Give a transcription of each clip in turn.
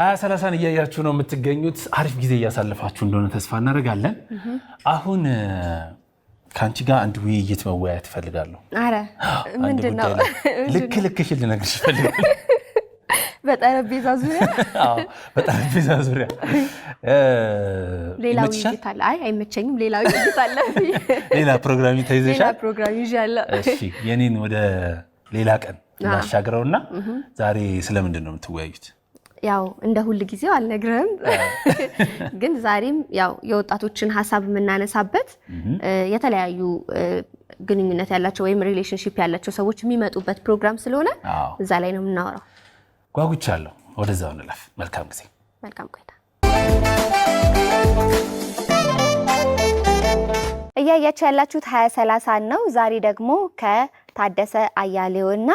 ሀያ ሰላሳን እያያችሁ ነው የምትገኙት። አሪፍ ጊዜ እያሳለፋችሁ እንደሆነ ተስፋ እናደርጋለን። አሁን ከአንቺ ጋር አንድ ውይይት መወያየት እፈልጋለሁ። አረ ምንድን ነው? ልክ ልክሽን ልነግርሽ እፈልጋለሁ። በጠረጴዛ ዙሪያ በጠረጴዛ ዙሪያ ሌላ ውይይት አለ። አይ አይመቸኝም፣ ሌላ ውይይት አለ። ሌላ ፕሮግራም ተይዘሻል። ፕሮግራም ይዣለሁ። እሺ የኔን ወደ ሌላ ቀን እናሻግረውና ዛሬ ስለምንድን ነው የምትወያዩት? ያው እንደ ሁል ጊዜው አልነግረህም፣ ግን ዛሬም ያው የወጣቶችን ሀሳብ የምናነሳበት የተለያዩ ግንኙነት ያላቸው ወይም ሪሌሽንሽፕ ያላቸው ሰዎች የሚመጡበት ፕሮግራም ስለሆነ እዛ ላይ ነው የምናወራው። ጓጉቻለሁ። ወደዛው እንለፍ። መልካም ጊዜ፣ መልካም ቆይታ። እያያቸው ያላችሁት ሀያ ሰላሳን ነው። ዛሬ ደግሞ ከታደሰ አያሌውና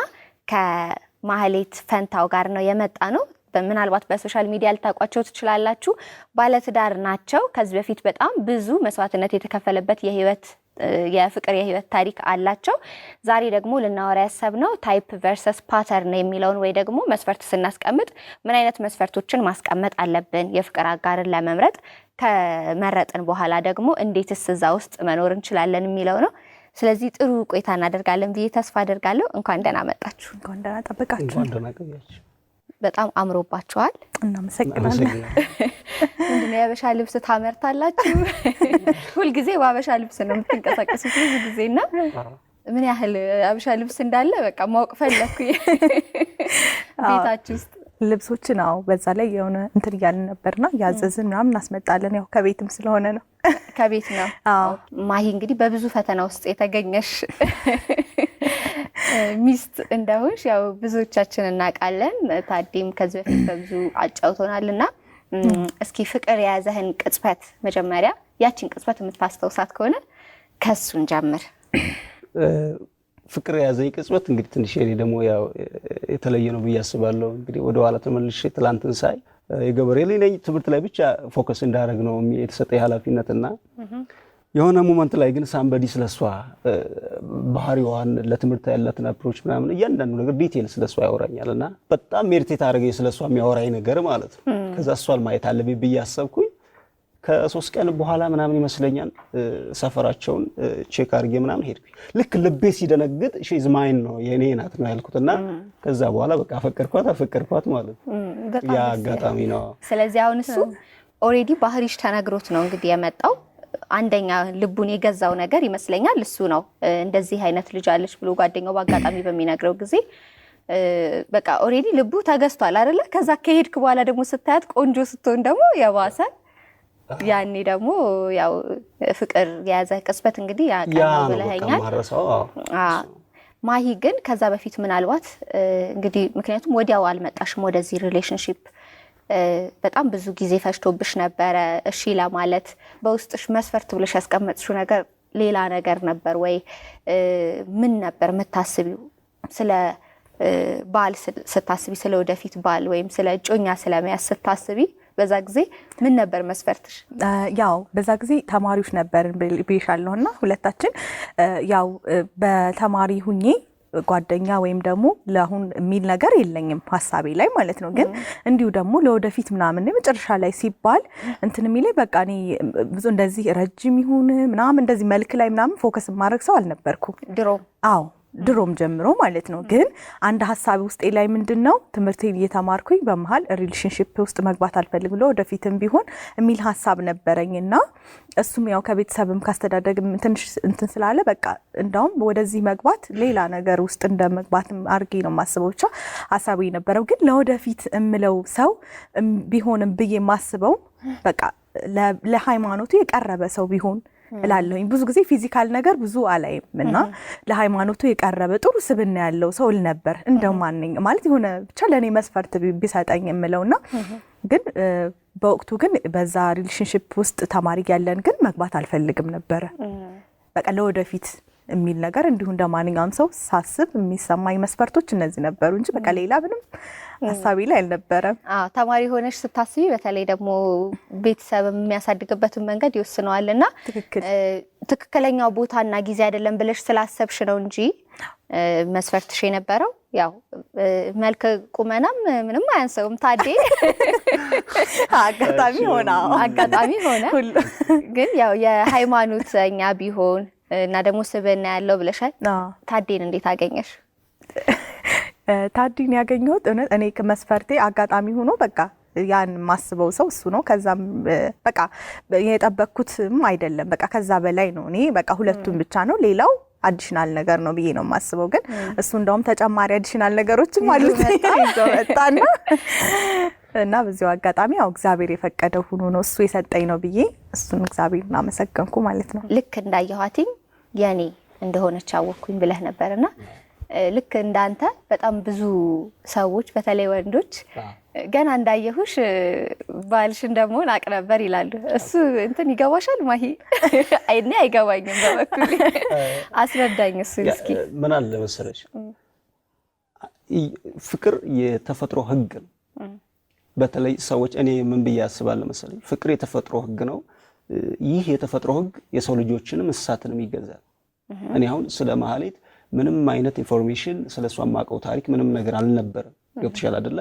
ከማህሌት ፈንታው ጋር ነው የመጣ ነው። ምናልባት በሶሻል ሚዲያ ልታውቋቸው ትችላላችሁ። ባለትዳር ናቸው። ከዚህ በፊት በጣም ብዙ መስዋዕትነት የተከፈለበት የህይወት የፍቅር የህይወት ታሪክ አላቸው። ዛሬ ደግሞ ልናወራ ያሰብነው ታይፕ ቨርሰስ ፓተርን የሚለውን ወይ ደግሞ መስፈርት ስናስቀምጥ ምን አይነት መስፈርቶችን ማስቀመጥ አለብን የፍቅር አጋርን ለመምረጥ ከመረጥን በኋላ ደግሞ እንዴትስ እዛ ውስጥ መኖር እንችላለን የሚለው ነው። ስለዚህ ጥሩ ቆይታ እናደርጋለን ብዬ ተስፋ አደርጋለሁ። እንኳን ደህና መጣችሁ። እንኳን ደህና ጠብቃችሁ በጣም አምሮባቸዋል። እናመሰግናለን። ምንድን የአበሻ ልብስ ታመርታላችሁ? ሁልጊዜ በአበሻ ልብስ ነው የምትንቀሳቀሱት ብዙ ጊዜ እና ምን ያህል አበሻ ልብስ እንዳለ በቃ ማወቅ ፈለግኩ ቤታችሁ ውስጥ ልብሶችን አዎ፣ በዛ ላይ የሆነ እንትን እያልን ነው ያዘዝን ምናምን እናስመጣለን። ያው ከቤትም ስለሆነ ነው ከቤት ነው። ማሂ እንግዲህ በብዙ ፈተና ውስጥ የተገኘሽ ሚስት እንደሆንሽ ያው ብዙዎቻችን እናውቃለን። ታዲም ከዚህ በፊት በብዙ አጫውቶናል እና እስኪ ፍቅር የያዘህን ቅጽበት መጀመሪያ ያችን ቅጽበት የምታስተውሳት ከሆነ ከሱን ጀምር። ፍቅር የያዘኝ ቅጽበት እንግዲህ ትንሽ እኔ ደግሞ የተለየ ነው ብዬ አስባለሁ። እንግዲህ ኋላ ተመልሼ ትላንትን ሳይ የገበሬ ልጅ ትምህርት ላይ ብቻ ፎከስ እንዳደረግ ነው የተሰጠ እና የሆነ ሞመንት ላይ ግን ሳምበዲ ስለሷ ባህሪዋን ለትምህርት ያላትን አፕሮች ምናምን እያንዳንዱ ነገር ዲቴል ስለሷ ያወራኛል እና በጣም ሜሪቴት አድርገኝ ስለሷ የሚያወራኝ ነገር ማለት ነው። ከዛ እሷን ማየት አለብኝ ብዬ አሰብኩኝ። ከሶስት ቀን በኋላ ምናምን ይመስለኛል ሰፈራቸውን ቼክ አድርጌ ምናምን ሄድኩ። ልክ ልቤ ሲደነግጥ ሺዝ ማይን ነው የእኔ ናት ነው ያልኩት እና ከዛ በኋላ በቃ አፈቀርኳት አፈቀርኳት ማለት ያ አጋጣሚ ነው። ስለዚህ አሁን እሱ ኦልሬዲ ባህሪሽ ተነግሮት ነው እንግዲህ የመጣው አንደኛ ልቡን የገዛው ነገር ይመስለኛል እሱ ነው። እንደዚህ አይነት ልጅ አለች ብሎ ጓደኛው በአጋጣሚ በሚነግረው ጊዜ በቃ ኦልሬዲ ልቡ ተገዝቷል አይደለ? ከዛ ከሄድክ በኋላ ደግሞ ስታያት ቆንጆ ስትሆን ደግሞ የባሰ ያኔ ደግሞ ያው ፍቅር የያዘ ቅጽበት እንግዲህ ያ ቀን ብለኸኛል። ማሂ ግን ከዛ በፊት ምናልባት እንግዲህ ምክንያቱም ወዲያው አልመጣሽም ወደዚህ ሪሌሽንሽፕ በጣም ብዙ ጊዜ ፈጅቶብሽ ነበረ። እሺ ለማለት በውስጥሽ መስፈርት ብለሽ ያስቀመጥሽው ነገር ሌላ ነገር ነበር ወይ? ምን ነበር የምታስቢው? ስለ ባል ስታስቢ፣ ስለ ወደፊት ባል ወይም ስለ እጮኛ ስለመያዝ ስታስቢ በዛ ጊዜ ምን ነበር መስፈርትሽ? ያው በዛ ጊዜ ተማሪዎች ነበርን ብሻለሁ እና ሁለታችን ያው በተማሪ ሁኜ ጓደኛ ወይም ደግሞ ለአሁን የሚል ነገር የለኝም ሀሳቤ ላይ ማለት ነው። ግን እንዲሁ ደግሞ ለወደፊት ምናምን መጨረሻ ላይ ሲባል እንትን የሚለኝ በቃ እኔ ብዙ እንደዚህ ረጅም ይሁን ምናምን እንደዚህ መልክ ላይ ምናምን ፎከስ ማድረግ ሰው አልነበርኩ ድሮ። አዎ ድሮም ጀምሮ ማለት ነው። ግን አንድ ሀሳብ ውስጤ ላይ ምንድን ነው ትምህርቴን እየተማርኩኝ በመሀል ሪሌሽንሽፕ ውስጥ መግባት አልፈልግ ብሎ ወደፊትም ቢሆን የሚል ሀሳብ ነበረኝ እና እሱም ያው ከቤተሰብም ካስተዳደግም ትንሽ እንትን ስላለ በቃ እንዳውም ወደዚህ መግባት ሌላ ነገር ውስጥ እንደ መግባት አድርጌ ነው የማስበው። ብቻ ሀሳቡ የነበረው ግን ለወደፊት የምለው ሰው ቢሆንም ብዬ የማስበው በቃ ለሃይማኖቱ የቀረበ ሰው ቢሆን እላለሁኝ። ብዙ ጊዜ ፊዚካል ነገር ብዙ አላይም እና ለሃይማኖቱ የቀረበ ጥሩ ስብና ያለው ሰው ልነበር እንደማንኝ ማለት የሆነ ብቻ ለእኔ መስፈርት ቢሰጠኝ የምለውና ግን በወቅቱ ግን በዛ ሪሌሽንሽፕ ውስጥ ተማሪ ያለን ግን መግባት አልፈልግም ነበረ በቃ ለወደፊት የሚል ነገር እንዲሁ እንደ ማንኛውም ሰው ሳስብ የሚሰማኝ መስፈርቶች እነዚህ ነበሩ እንጂ በቃ ሌላ ምንም ሀሳቢ ላይ አልነበረም። ተማሪ ሆነሽ ስታስቢ በተለይ ደግሞ ቤተሰብ የሚያሳድግበትን መንገድ ይወስነዋል እና ትክክለኛው ቦታና ጊዜ አይደለም ብለሽ ስላሰብሽ ነው እንጂ መስፈርትሽ የነበረው ያው መልክ ቁመናም ምንም አያንሰውም። ታዴ አጋጣሚ ሆነ አጋጣሚ ሆነ ግን ያው የሃይማኖተኛ ቢሆን እና ደግሞ ስብና ያለው ብለሻል። ታዴን እንዴት አገኘሽ? ታዲን ያገኘሁት እውነት እኔ መስፈርቴ አጋጣሚ ሆኖ በቃ ያን ማስበው ሰው እሱ ነው። ከዛም በቃ የጠበቅኩትም አይደለም በቃ ከዛ በላይ ነው። እኔ በቃ ሁለቱም ብቻ ነው ሌላው አዲሽናል ነገር ነው ብዬ ነው የማስበው። ግን እሱ እንደውም ተጨማሪ አዲሽናል ነገሮችም አሉት መጣና እና በዚሁ አጋጣሚ ያው እግዚአብሔር የፈቀደው ሁኖ ነው እሱ የሰጠኝ ነው ብዬ እሱን እግዚአብሔር እናመሰገንኩ ማለት ነው ልክ እንዳየኋትኝ የኔ እንደሆነች አወቅኩኝ ብለህ ነበር እና ልክ እንዳንተ በጣም ብዙ ሰዎች በተለይ ወንዶች ገና እንዳየሁሽ ባልሽ እንደመሆን አቅ ነበር ይላሉ። እሱ እንትን ይገባሻል ማሂ? እኔ አይገባኝም በበኩሌ አስረዳኝ። እሱ እስኪ ምን አለ መሰለሽ፣ ፍቅር የተፈጥሮ ህግ ነው። በተለይ ሰዎች እኔ ምን ብዬ አስባለሁ መሰለኝ፣ ፍቅር የተፈጥሮ ህግ ነው። ይህ የተፈጥሮ ህግ የሰው ልጆችንም እንስሳትንም ይገዛል። እኔ አሁን ስለ ማህሌት ምንም አይነት ኢንፎርሜሽን ስለ እሷ ማውቀው ታሪክ ምንም ነገር አልነበረም። ገብትሻል አደለ?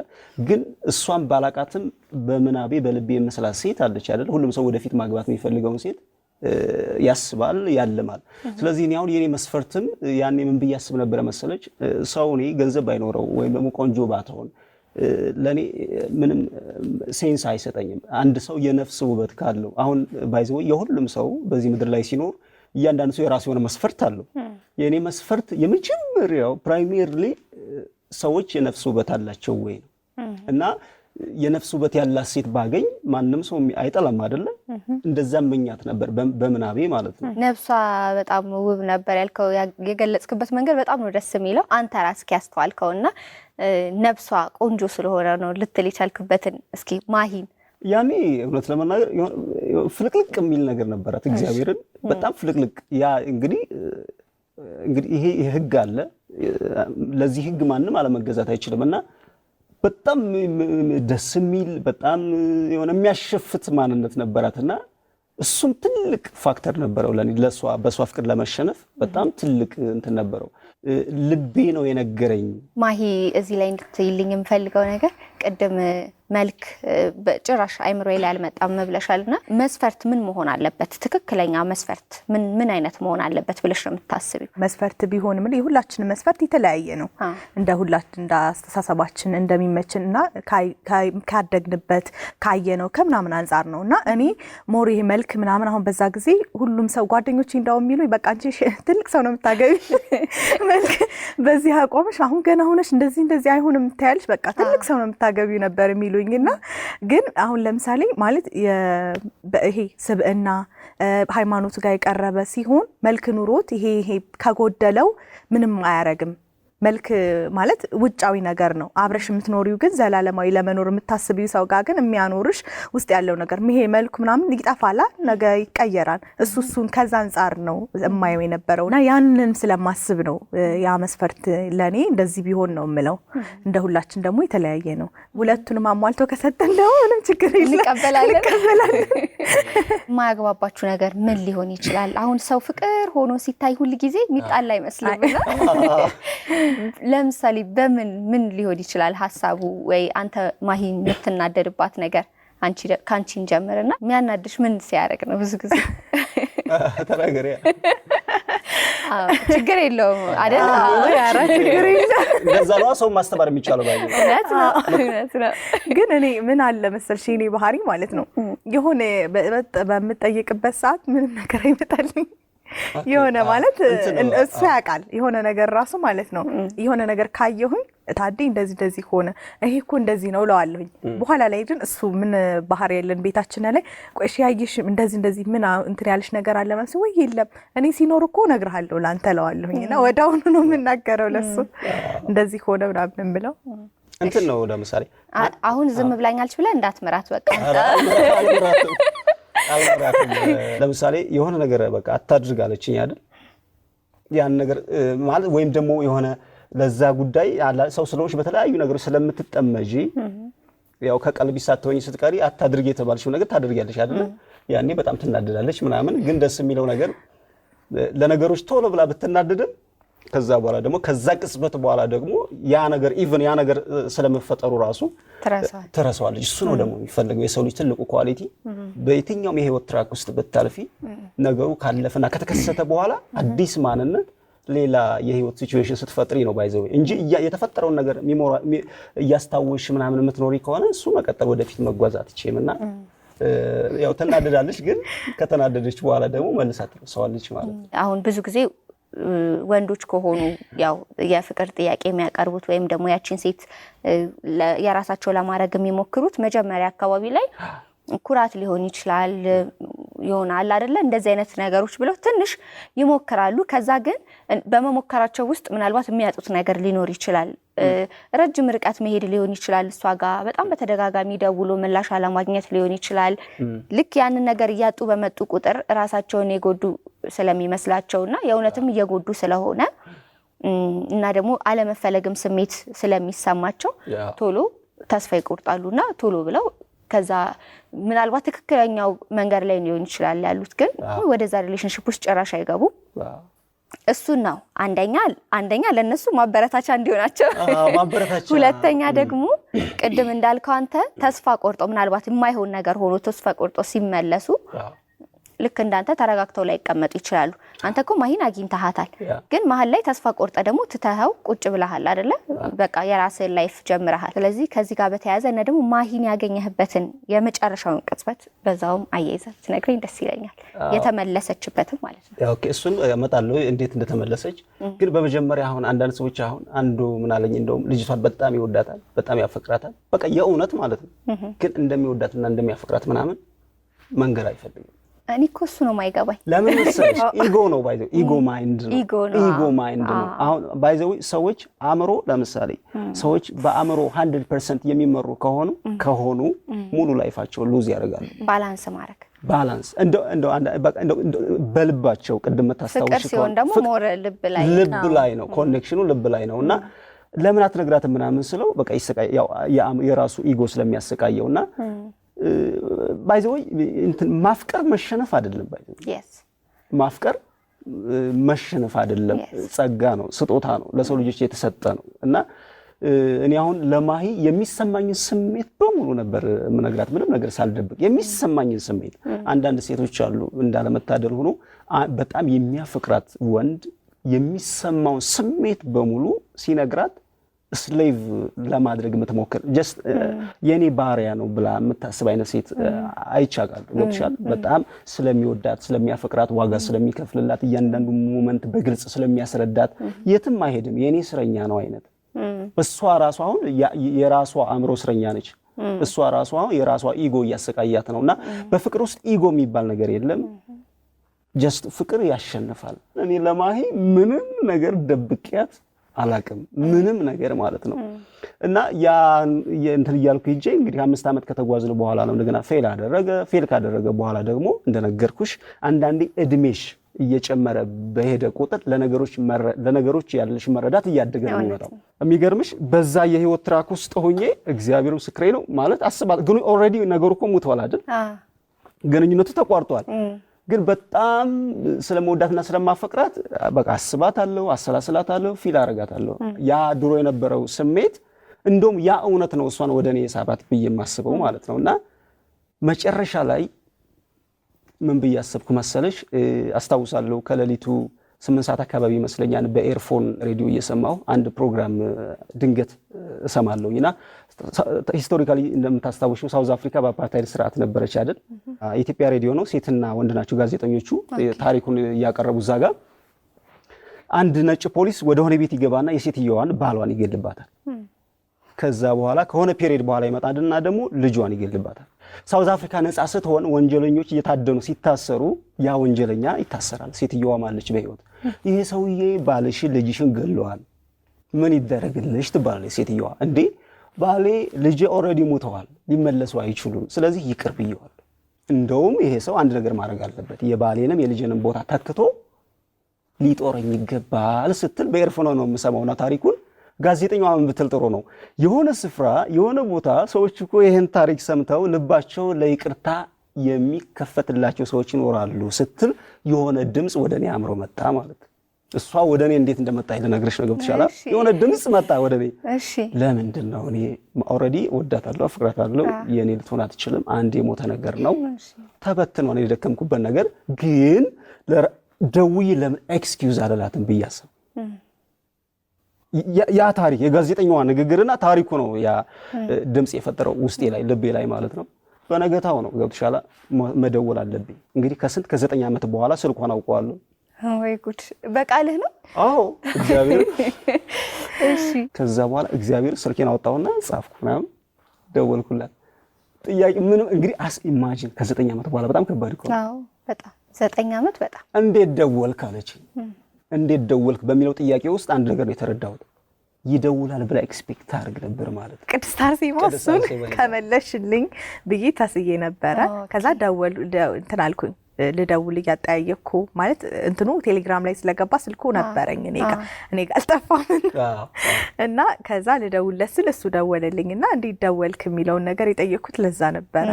ግን እሷን ባላቃትም በምናቤ በልቤ የመስላት ሴት አለች አደለ? ሁሉም ሰው ወደፊት ማግባት የሚፈልገውን ሴት ያስባል ያልማል። ስለዚህ እኔ አሁን የኔ መስፈርትም ያኔ ምን ብዬ አስብ ነበረ መሰለች ሰው እኔ ገንዘብ ባይኖረው ወይም ደግሞ ቆንጆ ባትሆን ለእኔ ምንም ሴንስ አይሰጠኝም። አንድ ሰው የነፍስ ውበት ካለው አሁን ባይዘው የሁሉም ሰው በዚህ ምድር ላይ ሲኖር እያንዳንዱ ሰው የራሱ የሆነ መስፈርት አለው። የእኔ መስፈርት የመጀመሪያው ፕራይሜርሊ ሰዎች የነፍስ ውበት አላቸው ወይ ነው እና የነፍስ ውበት ያላት ሴት ባገኝ ማንም ሰው አይጠላም አይደለ? እንደዛ መኛት ነበር በምናቤ ማለት ነው። ነፍሷ በጣም ውብ ነበር ያልከው የገለጽክበት መንገድ በጣም ነው ደስ የሚለው። አንተ ራስህ ያስተዋልከውና ነፍሷ ቆንጆ ስለሆነ ነው ልትል የቻልክበትን እስኪ ማሂን ያኔ እውነት ለመናገር ፍልቅልቅ የሚል ነገር ነበራት። እግዚአብሔርን በጣም ፍልቅልቅ። ያ እንግዲህ እንግዲህ ይሄ ህግ አለ። ለዚህ ህግ ማንም አለመገዛት አይችልም እና በጣም ደስ የሚል በጣም የሆነ የሚያሸፍት ማንነት ነበራት እና እሱም ትልቅ ፋክተር ነበረው በሷ ፍቅር ለመሸነፍ በጣም ትልቅ እንትን ነበረው። ልቤ ነው የነገረኝ። ማሂ፣ እዚህ ላይ እንድትይልኝ የምፈልገው ነገር ቅድም መልክ ጭራሽ አይምሮ ላይ አልመጣም ብለሻል። እና መስፈርት ምን መሆን አለበት? ትክክለኛ መስፈርት ምን ምን አይነት መሆን አለበት ብለሽ ነው የምታስቢው? መስፈርት ቢሆን ምን የሁላችንም መስፈርት የተለያየ ነው። እንደ ሁላችን እንደ አስተሳሰባችን እንደሚመችን እና ካደግንበት ካየነው ከምናምን አንጻር ነው እና እኔ ሞር ይሄ መልክ ምናምን አሁን በዛ ጊዜ ሁሉም ሰው ጓደኞች እንዳው የሚሉ በቃ አንቺ ትልቅ ሰው ነው የምታገቢ መልክ በዚህ አቆምሽ፣ አሁን ገና ሆነሽ እንደዚህ እንደዚህ አይሆን የምታያልሽ በቃ ትልቅ ሰው ነው የምታገቢው ነበር የሚሉኝ እና ግን አሁን ለምሳሌ ማለት ይሄ ስብዕና ሃይማኖት ጋር የቀረበ ሲሆን መልክ ኑሮት ይሄ ይሄ ከጎደለው ምንም አያረግም መልክ ማለት ውጫዊ ነገር ነው። አብረሽ የምትኖሪው ግን ዘላለማዊ ለመኖር የምታስቢው ሰው ጋር ግን የሚያኖርሽ ውስጥ ያለው ነገር ይሄ መልኩ ምናምን ይጠፋላ፣ ነገ ይቀየራል። እሱ እሱን ከዛ አንጻር ነው እማየው የነበረው እና ያንን ስለማስብ ነው ያ መስፈርት ለእኔ እንደዚህ ቢሆን ነው የምለው። እንደ ሁላችን ደግሞ የተለያየ ነው። ሁለቱንም አሟልቶ ከሰጠን ደግሞ ምንም ችግር እንቀበላለን። የማያግባባችሁ ነገር ምን ሊሆን ይችላል? አሁን ሰው ፍቅር ሆኖ ሲታይ ሁል ጊዜ የሚጣላ አይመስልም ለምሳሌ በምን ምን ሊሆን ይችላል ሀሳቡ? ወይ አንተ ማሂ የምትናደድባት ነገር ከአንቺን ጀምርና የሚያናድሽ ምን ሲያደርግ ነው? ብዙ ጊዜ ተናገሪ። ችግር የለውም አይደል? እንደዛ ሰው ማስተማር የሚቻለው። እውነት ነው። ግን እኔ ምን አለ መሰልሽ እኔ ባህሪ ማለት ነው የሆነ በምጠየቅበት ሰዓት ምንም ነገር አይመጣልኝ የሆነ ማለት እሱ ያውቃል የሆነ ነገር ራሱ ማለት ነው። የሆነ ነገር ካየሁኝ ታዴ እንደዚህ እንደዚህ ሆነ ይሄ እኮ እንደዚህ ነው እለዋለሁኝ። በኋላ ላይ ግን እሱ ምን ባህር የለን ቤታችን ላይ ቆሽ ያየሽ እንደዚህ እንደዚህ ምን እንትን ያለሽ ነገር አለ ማለት ወይ የለም እኔ ሲኖር እኮ እነግርሃለሁ ለአንተ እለዋለሁኝ። እና ወደ አሁኑ ነው የምናገረው ለሱ እንደዚህ ሆነ ምናምን ብለው እንትን ነው ለምሳሌ አሁን ዝም ብላኛለች ብለህ እንዳትምራት በቃ ለምሳሌ የሆነ ነገር በቃ አታድርግ አለችኝ አይደል? ያን ነገር ማለት ወይም ደግሞ የሆነ ለዛ ጉዳይ ሰው ስለሆንሽ በተለያዩ ነገሮች ስለምትጠመጂ ያው ከቀልቢ ሳትሆኝ ስትቀሪ አታድርግ የተባለችው ነገር ታደርጊያለሽ አይደለ? ያኔ በጣም ትናደዳለች ምናምን። ግን ደስ የሚለው ነገር ለነገሮች ቶሎ ብላ ብትናደድም ከዛ በኋላ ደግሞ ከዛ ቅጽበት በኋላ ደግሞ ያ ነገር ኢቨን ያ ነገር ስለመፈጠሩ ራሱ ትረሳዋለች። እሱ ነው ደግሞ የሚፈልገው የሰው ልጅ ትልቁ ኳሊቲ። በየትኛውም የህይወት ትራክ ውስጥ ብታልፊ ነገሩ ካለፈና ከተከሰተ በኋላ አዲስ ማንነት ሌላ የህይወት ሲቹዌሽን ስትፈጥሪ ነው ባይዘው እንጂ የተፈጠረውን ነገር እያስታወሽ ምናምን የምትኖሪ ከሆነ እሱ መቀጠል ወደፊት መጓዝ አትችም እና ያው ትናደዳለች፣ ግን ከተናደደች በኋላ ደግሞ መልሳ ትረሳዋለች ማለት ነው። አሁን ብዙ ጊዜ ወንዶች ከሆኑ ያው የፍቅር ጥያቄ የሚያቀርቡት ወይም ደግሞ ያችን ሴት የራሳቸው ለማድረግ የሚሞክሩት መጀመሪያ አካባቢ ላይ ኩራት ሊሆን ይችላል ይሆናል አይደለ? እንደዚህ አይነት ነገሮች ብለው ትንሽ ይሞክራሉ። ከዛ ግን በመሞከራቸው ውስጥ ምናልባት የሚያጡት ነገር ሊኖር ይችላል። ረጅም ርቀት መሄድ ሊሆን ይችላል። እሷ ጋር በጣም በተደጋጋሚ ደውሎ ምላሽ አለማግኘት ሊሆን ይችላል። ልክ ያንን ነገር እያጡ በመጡ ቁጥር ራሳቸውን የጎዱ ስለሚመስላቸው እና የእውነትም እየጎዱ ስለሆነ እና ደግሞ አለመፈለግም ስሜት ስለሚሰማቸው ቶሎ ተስፋ ይቆርጣሉ እና ቶሎ ብለው ከዛ ምናልባት ትክክለኛው መንገድ ላይ ሊሆን ይችላል ያሉት፣ ግን ወደዛ ሪሌሽንሽፕ ውስጥ ጭራሽ አይገቡም። እሱን ነው አንደኛ አንደኛ ለእነሱ ማበረታቻ እንዲሆናቸው፣ ሁለተኛ ደግሞ ቅድም እንዳልከው አንተ ተስፋ ቆርጦ ምናልባት የማይሆን ነገር ሆኖ ተስፋ ቆርጦ ሲመለሱ ልክ እንዳንተ ተረጋግተው ላይ ይችላሉ። አንተ እኮ ማሂን አግኝተሃታል፣ ግን መሀል ላይ ተስፋ ቆርጠ ደግሞ ትተኸው ቁጭ ብለሃል አደለ? በቃ የራስህን ላይፍ ጀምረሃል። ስለዚህ ከዚህ ጋር በተያያዘ እና ደግሞ ማሂን ያገኘህበትን የመጨረሻውን ቅጽበት በዛውም አያይዘህ ትነግረኝ ደስ ይለኛል፣ የተመለሰችበትም ማለት ነው። ኦኬ እሱን እመጣለሁ እንዴት እንደተመለሰች ግን፣ በመጀመሪያ አሁን አንዳንድ ሰዎች አሁን አንዱ ምናለኝ እንደውም ልጅቷን በጣም ይወዳታል፣ በጣም ያፈቅራታል፣ በቃ የእውነት ማለት ነው። ግን እንደሚወዳትና እንደሚያፈቅራት ምናምን መንገድ አይፈልግም እኔ እኮ እሱ ነው ማይገባኝ። ለምን መሰለሽ ኢጎ ነው ባይዘ ኢጎ ማይንድ ነው ኢጎ ማይንድ ነው። አሁን ባይዘው ሰዎች አእምሮ፣ ለምሳሌ ሰዎች በአእምሮ 100% የሚመሩ ከሆኑ ከሆኑ ሙሉ ላይፋቸው ሉዝ ያደርጋሉ። ባላንስ ማድረግ ባላንስ በልባቸው ቅድም መታስታወሽ ሲሆን ደግሞ ሞር ልብ ላይ ልብ ላይ ነው ኮኔክሽኑ ልብ ላይ ነው እና ለምን አትነግራትም ምናምን ስለው በቃ የራሱ ኢጎ ስለሚያሰቃየው እና ባይዘወይ ማፍቀር መሸነፍ አይደለም። ማፍቀር መሸነፍ አይደለም። ጸጋ ነው፣ ስጦታ ነው፣ ለሰው ልጆች የተሰጠ ነው እና እኔ አሁን ለማሂ የሚሰማኝን ስሜት በሙሉ ነበር የምነግራት፣ ምንም ነገር ሳልደብቅ የሚሰማኝን ስሜት። hmm. አንዳንድ ሴቶች አሉ እንዳለመታደል ሆኖ በጣም የሚያፈቅራት ወንድ የሚሰማውን ስሜት በሙሉ ሲነግራት ስሌቭ ለማድረግ የምትሞክር ጀስት የኔ ባሪያ ነው ብላ የምታስብ አይነት ሴት አይቻቃል ገብቶሻል። በጣም ስለሚወዳት ስለሚያፈቅራት፣ ዋጋ ስለሚከፍልላት፣ እያንዳንዱ ሞመንት በግልጽ ስለሚያስረዳት የትም አይሄድም የኔ እስረኛ ነው አይነት እሷ ራሷ አሁን የራሷ አእምሮ እስረኛ ነች። እሷ ራሷ የራሷ ኢጎ እያሰቃያት ነው። እና በፍቅር ውስጥ ኢጎ የሚባል ነገር የለም። ጀስት ፍቅር ያሸንፋል። እኔ ለማሄ ምንም ነገር ደብቅያት አላቅም ምንም ነገር ማለት ነው። እና ያ እንትን እያልኩ ሂጄ እንግዲህ አምስት ዓመት ከተጓዝን በኋላ ነው እንደገና ፌል አደረገ። ፌል ካደረገ በኋላ ደግሞ እንደነገርኩሽ አንዳንዴ እድሜሽ እየጨመረ በሄደ ቁጥር ለነገሮች ያለሽ መረዳት እያደገ ነው የሚመጣው። የሚገርምሽ በዛ የህይወት ትራክ ውስጥ ሆኜ እግዚአብሔር ምስክሬ ነው ማለት አስባት። ግን ኦልሬዲ ነገሩ እኮ ሙቷል አይደል? ግንኙነቱ ተቋርጧል። ግን በጣም ስለመወዳትና ስለማፈቅራት በቃ አሰላስላት አለው ፊል አለው። ያ ድሮ የነበረው ስሜት እንደውም ያ እውነት ነው እሷን ወደ እኔ የሳባት ብዬ የማስበው ማለት ነው። እና መጨረሻ ላይ ምን ብዬ አሰብኩ መሰለሽ? አስታውሳለሁ ከሌሊቱ ስምንት ሰዓት አካባቢ ይመስለኛል በኤርፎን ሬዲዮ እየሰማው አንድ ፕሮግራም ድንገት እሰማለሁኝ እና ሂስቶሪካሊ እንደምታስታውሽው ሳውዝ አፍሪካ በአፓርታይድ ስርዓት ነበረች አይደል? የኢትዮጵያ ሬዲዮ ነው፣ ሴትና ወንድ ናቸው ጋዜጠኞቹ ታሪኩን እያቀረቡ እዛ ጋር አንድ ነጭ ፖሊስ ወደ ሆነ ቤት ይገባና የሴትየዋን ባሏን ይገልባታል። ከዛ በኋላ ከሆነ ፔሪድ በኋላ ይመጣልና ደግሞ ልጇን ይገልባታል። ሳውዝ አፍሪካ ነፃ ስትሆን ወንጀለኞች እየታደኑ ሲታሰሩ ያ ወንጀለኛ ይታሰራል። ሴትየዋ ማለች በህይወት ይሄ ሰውዬ ባልሽን ልጅሽን ገለዋል፣ ምን ይደረግልሽ ትባላለች ሴትየዋ። እንዴ ባሌ ልጄ ኦልሬዲ ሙተዋል ሊመለሱ አይችሉም፣ ስለዚህ ይቅር ብየዋል። እንደውም ይሄ ሰው አንድ ነገር ማድረግ አለበት፣ የባሌንም የልጅንም ቦታ ተክቶ ሊጦረኝ ይገባል ስትል በኤርፎኖ ነው የምሰማውና ታሪኩን ጋዜጠኛዋ ምን ብትል ጥሩ ነው? የሆነ ስፍራ የሆነ ቦታ ሰዎች እኮ ይህን ታሪክ ሰምተው ልባቸው ለይቅርታ የሚከፈትላቸው ሰዎች ይኖራሉ ስትል የሆነ ድምፅ ወደ እኔ አእምሮ መጣ ማለት እሷ ወደ እኔ እንዴት እንደመጣ ልነግርሽ ነው። ገብቶሻል? የሆነ ድምፅ መጣ ወደ እኔ። ለምንድን ነው እኔ ኦልሬዲ ወዳታለሁ፣ አፍቅራታለሁ፣ የእኔ ልትሆን አትችልም። አንድ የሞተ ነገር ነው ተበትኖ ነው የደከምኩበት ነገር ግን ደውዬ ለምን ኤክስኪውዝ አልላትም ብያሰብ ያ ታሪክ የጋዜጠኛዋ ንግግርና ታሪኩ ነው ያ ድምፅ የፈጠረው ውስጤ ላይ ልቤ ላይ ማለት ነው። በነገታው ነው ገብቶሻል፣ መደወል አለብኝ እንግዲህ ከስንት ከዘጠኝ ዓመት በኋላ ስልኳን አውቀዋለሁ። ወይ ጉድ! በቃልህ ነው? አዎ እግዚአብሔር። እሺ። ከዛ በኋላ እግዚአብሔር ስልኬን አወጣሁና ጻፍኩ ምናምን ደወልኩላት። ጥያቄ ምንም እንግዲህ አስ ኢማጂን ከዘጠኝ ዓመት በኋላ በጣም ከባድ እኮ ነው። በጣም ዘጠኝ ዓመት በጣም እንዴት ደወልክ አለችኝ። እንዴት ደወልክ በሚለው ጥያቄ ውስጥ አንድ ነገር ነው የተረዳሁት። ይደውላል ብላ ኤክስፔክት አድርግ ነበር ማለት ነው። ቅድስት አርሴማ እሱን ከመለሽልኝ ብዬ ታስዬ ነበረ። ከዛ ደወሉ እንትን አልኩኝ ልደውል እያጠያየኩ ማለት እንትኑ ቴሌግራም ላይ ስለገባ ስልኩ ነበረኝ እኔ ጋር እኔ ጋር አልጠፋም እና ከዛ ልደውልለት ስል እሱ ደወለልኝ እና እንዲህ ደወልክ የሚለውን ነገር የጠየኩት ለዛ ነበረ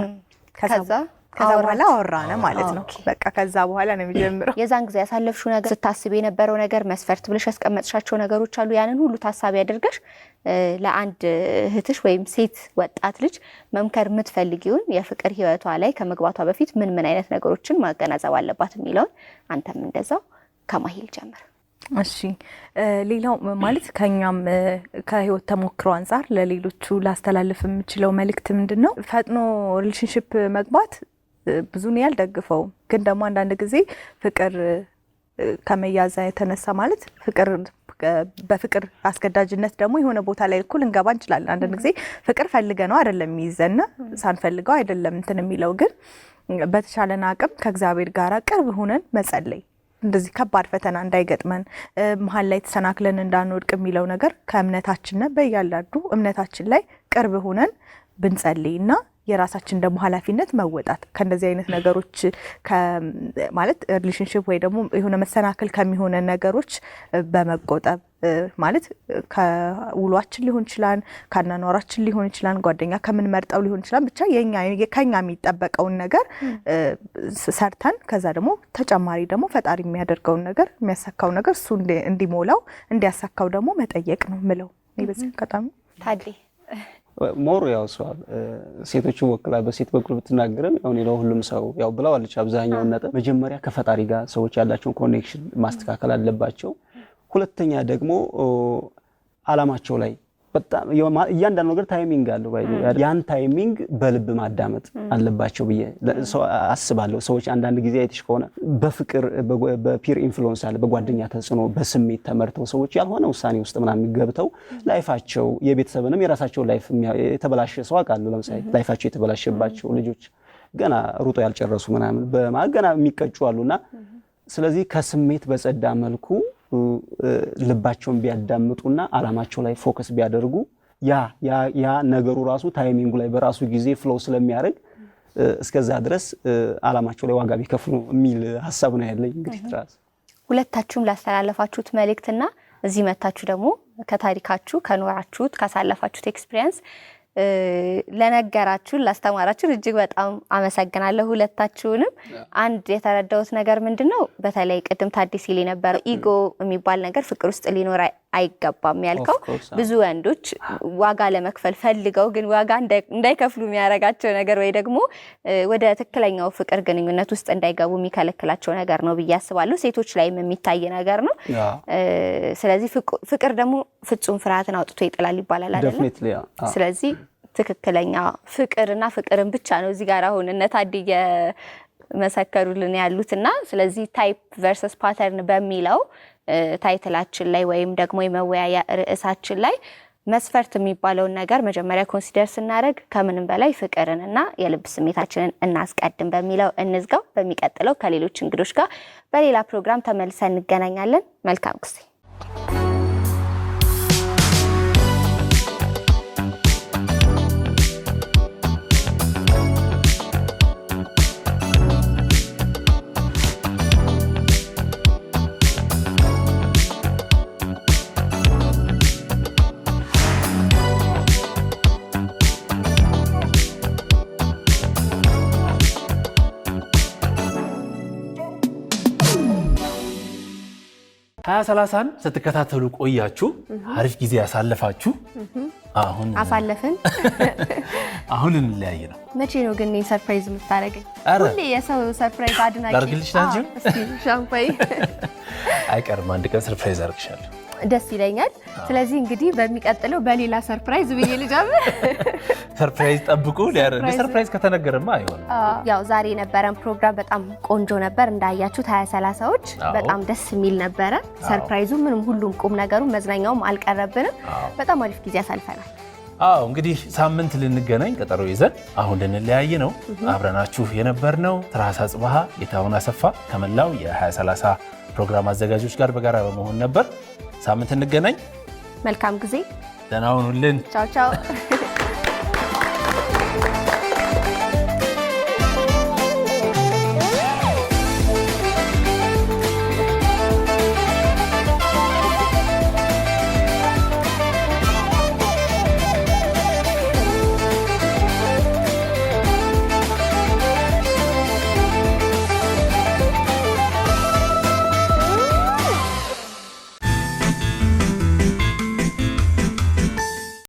ከዛ ከዛ በኋላ አወራነ ማለት ነው። በቃ ከዛ በኋላ ነው የሚጀምረው። የዛን ጊዜ ያሳለፍሽው ነገር ስታስብ የነበረው ነገር መስፈርት ብለሽ ያስቀመጥሻቸው ነገሮች አሉ። ያንን ሁሉ ታሳቢ አድርገሽ ለአንድ እህትሽ ወይም ሴት ወጣት ልጅ መምከር የምትፈልጊውን የፍቅር ህይወቷ ላይ ከመግባቷ በፊት ምን ምን አይነት ነገሮችን ማገናዘብ አለባት የሚለውን አንተም እንደዛው ከማሂል ጀምር። እሺ ሌላው ማለት ከኛም ከህይወት ተሞክሮ አንጻር ለሌሎቹ ላስተላልፍ የምችለው መልእክት ምንድን ነው? ፈጥኖ ሪሌሽንሽፕ መግባት ብዙን ያልደግፈው ግን ደግሞ አንዳንድ ጊዜ ፍቅር ከመያዛ የተነሳ ማለት ፍቅር በፍቅር አስገዳጅነት ደግሞ የሆነ ቦታ ላይ እኩል እንገባ እንችላለን። አንዳንድ ጊዜ ፍቅር ፈልገ ነው አይደለም የሚይዘና ሳንፈልገው አይደለም እንትን የሚለው ግን በተቻለን አቅም ከእግዚአብሔር ጋር ቅርብ ሆነን መጸለይ እንደዚህ ከባድ ፈተና እንዳይገጥመን መሀል ላይ ተሰናክለን እንዳንወድቅ የሚለው ነገር ከእምነታችን በያላዱ እምነታችን ላይ ቅርብ ሆነን ብንጸልይ እና የራሳችን ደግሞ ኃላፊነት መወጣት ከእንደዚህ አይነት ነገሮች ማለት ሪሌሽንሽፕ ወይ ደግሞ የሆነ መሰናክል ከሚሆነ ነገሮች በመቆጠብ ማለት ከውሏችን ሊሆን ይችላል፣ ከአናኗራችን ሊሆን ይችላል፣ ጓደኛ ከምንመርጠው ሊሆን ይችላል። ብቻ ከኛ የሚጠበቀውን ነገር ሰርተን ከዛ ደግሞ ተጨማሪ ደግሞ ፈጣሪ የሚያደርገውን ነገር የሚያሳካው ነገር እሱ እንዲሞላው እንዲያሳካው ደግሞ መጠየቅ ነው ምለው በዚህ አጋጣሚ ሞር ያው እሷ ሴቶችን ወክላ በሴት በኩል ብትናገርም ያው እኔ ለሁሉም ሰው ያው ብለዋለች አብዛኛውን ነጥብ። መጀመሪያ ከፈጣሪ ጋር ሰዎች ያላቸውን ኮኔክሽን ማስተካከል አለባቸው። ሁለተኛ ደግሞ አላማቸው ላይ በጣም እያንዳንዱ ነገር ታይሚንግ አለው። ያን ታይሚንግ በልብ ማዳመጥ አለባቸው ብዬ አስባለሁ። ሰዎች አንዳንድ ጊዜ አይተሽ ከሆነ በፍቅር በፒር ኢንፍሉንስ አለ፣ በጓደኛ ተጽዕኖ፣ በስሜት ተመርተው ሰዎች ያልሆነ ውሳኔ ውስጥ ምናምን የሚገብተው ላይፋቸው የቤተሰብንም የራሳቸው ላይፍ የተበላሸ ሰው አውቃለሁ። ለምሳሌ ላይፋቸው የተበላሸባቸው ልጆች ገና ሩጦ ያልጨረሱ ምናምን በማገና የሚቀጩ አሉና ስለዚህ ከስሜት በጸዳ መልኩ ልባቸውን ቢያዳምጡና አላማቸው ላይ ፎከስ ቢያደርጉ ያ ያ ነገሩ ራሱ ታይሚንጉ ላይ በራሱ ጊዜ ፍሎው ስለሚያደርግ እስከዛ ድረስ አላማቸው ላይ ዋጋ ቢከፍሉ የሚል ሀሳብ ነው ያለኝ። እንግዲህ ትራስ ሁለታችሁም ላስተላለፋችሁት መልእክትና እዚህ መታችሁ ደግሞ ከታሪካችሁ ከኖራችሁት ካሳለፋችሁት ኤክስፒሪየንስ ለነገራችሁን ላስተማራችሁን እጅግ በጣም አመሰግናለሁ ሁለታችሁንም። አንድ የተረዳሁት ነገር ምንድን ነው፣ በተለይ ቅድም ታዲስ ሲል የነበረው ኢጎ የሚባል ነገር ፍቅር ውስጥ ሊኖር አይገባም ያልከው ብዙ ወንዶች ዋጋ ለመክፈል ፈልገው ግን ዋጋ እንዳይከፍሉ የሚያደርጋቸው ነገር ወይ ደግሞ ወደ ትክክለኛው ፍቅር ግንኙነት ውስጥ እንዳይገቡ የሚከለክላቸው ነገር ነው ብዬ አስባለሁ። ሴቶች ላይም የሚታይ ነገር ነው። ስለዚህ ፍቅር ደግሞ ፍጹም ፍርሃትን አውጥቶ ይጥላል ይባላል አይደለም? ስለዚህ ትክክለኛ ፍቅርና ፍቅርን ብቻ ነው እዚህ ጋር አሁን እነ ታዲ መሰከሩልን ያሉት እና ስለዚህ ታይፕ ቨርሰስ ፓተርን በሚለው ታይትላችን ላይ ወይም ደግሞ የመወያያ ርዕሳችን ላይ መስፈርት የሚባለውን ነገር መጀመሪያ ኮንሲደር ስናደርግ ከምንም በላይ ፍቅርን እና የልብ ስሜታችንን እናስቀድም በሚለው እንዝጋው። በሚቀጥለው ከሌሎች እንግዶች ጋር በሌላ ፕሮግራም ተመልሰን እንገናኛለን። መልካም ጊዜ ሀያ ሰላሳን ስትከታተሉ ቆያችሁ፣ አሪፍ ጊዜ ያሳለፋችሁ። አሁን አሳለፍን። አሁን እንለያይ ነው። መቼ ነው ግን ሰርፕራይዝ የምታደርገኝ? ሁሌ የሰው ሰርፕራይዝ አድናቂ ላድርግልሽ። አንቺም አይቀርም አንድ ቀን ሰርፕራይዝ አርግሻለሁ። ደስ ይለኛል። ስለዚህ እንግዲህ በሚቀጥለው በሌላ ሰርፕራይዝ ብዬ ልጀምር። ሰርፕራይዝ ጠብቁ። ሰርፕራይዝ ከተነገርማ አይሆንም። ያው ዛሬ የነበረን ፕሮግራም በጣም ቆንጆ ነበር። እንዳያችሁት ሀያ ሰላሳዎች በጣም ደስ የሚል ነበረ። ሰርፕራይዙ ምንም፣ ሁሉም ቁም ነገሩ መዝናኛውም አልቀረብንም። በጣም አሪፍ ጊዜ አሳልፈናል። አዎ እንግዲህ ሳምንት ልንገናኝ ቀጠሮ ይዘን አሁን ልንለያይ ነው። አብረናችሁ የነበርነው ትራሳ ጽባሀ፣ የታውን አሰፋ ከመላው የ2030 ፕሮግራም አዘጋጆች ጋር በጋራ በመሆን ነበር። ሳምንት እንገናኝ። መልካም ጊዜ። ደህና ሁኑልን። ቻው ቻው።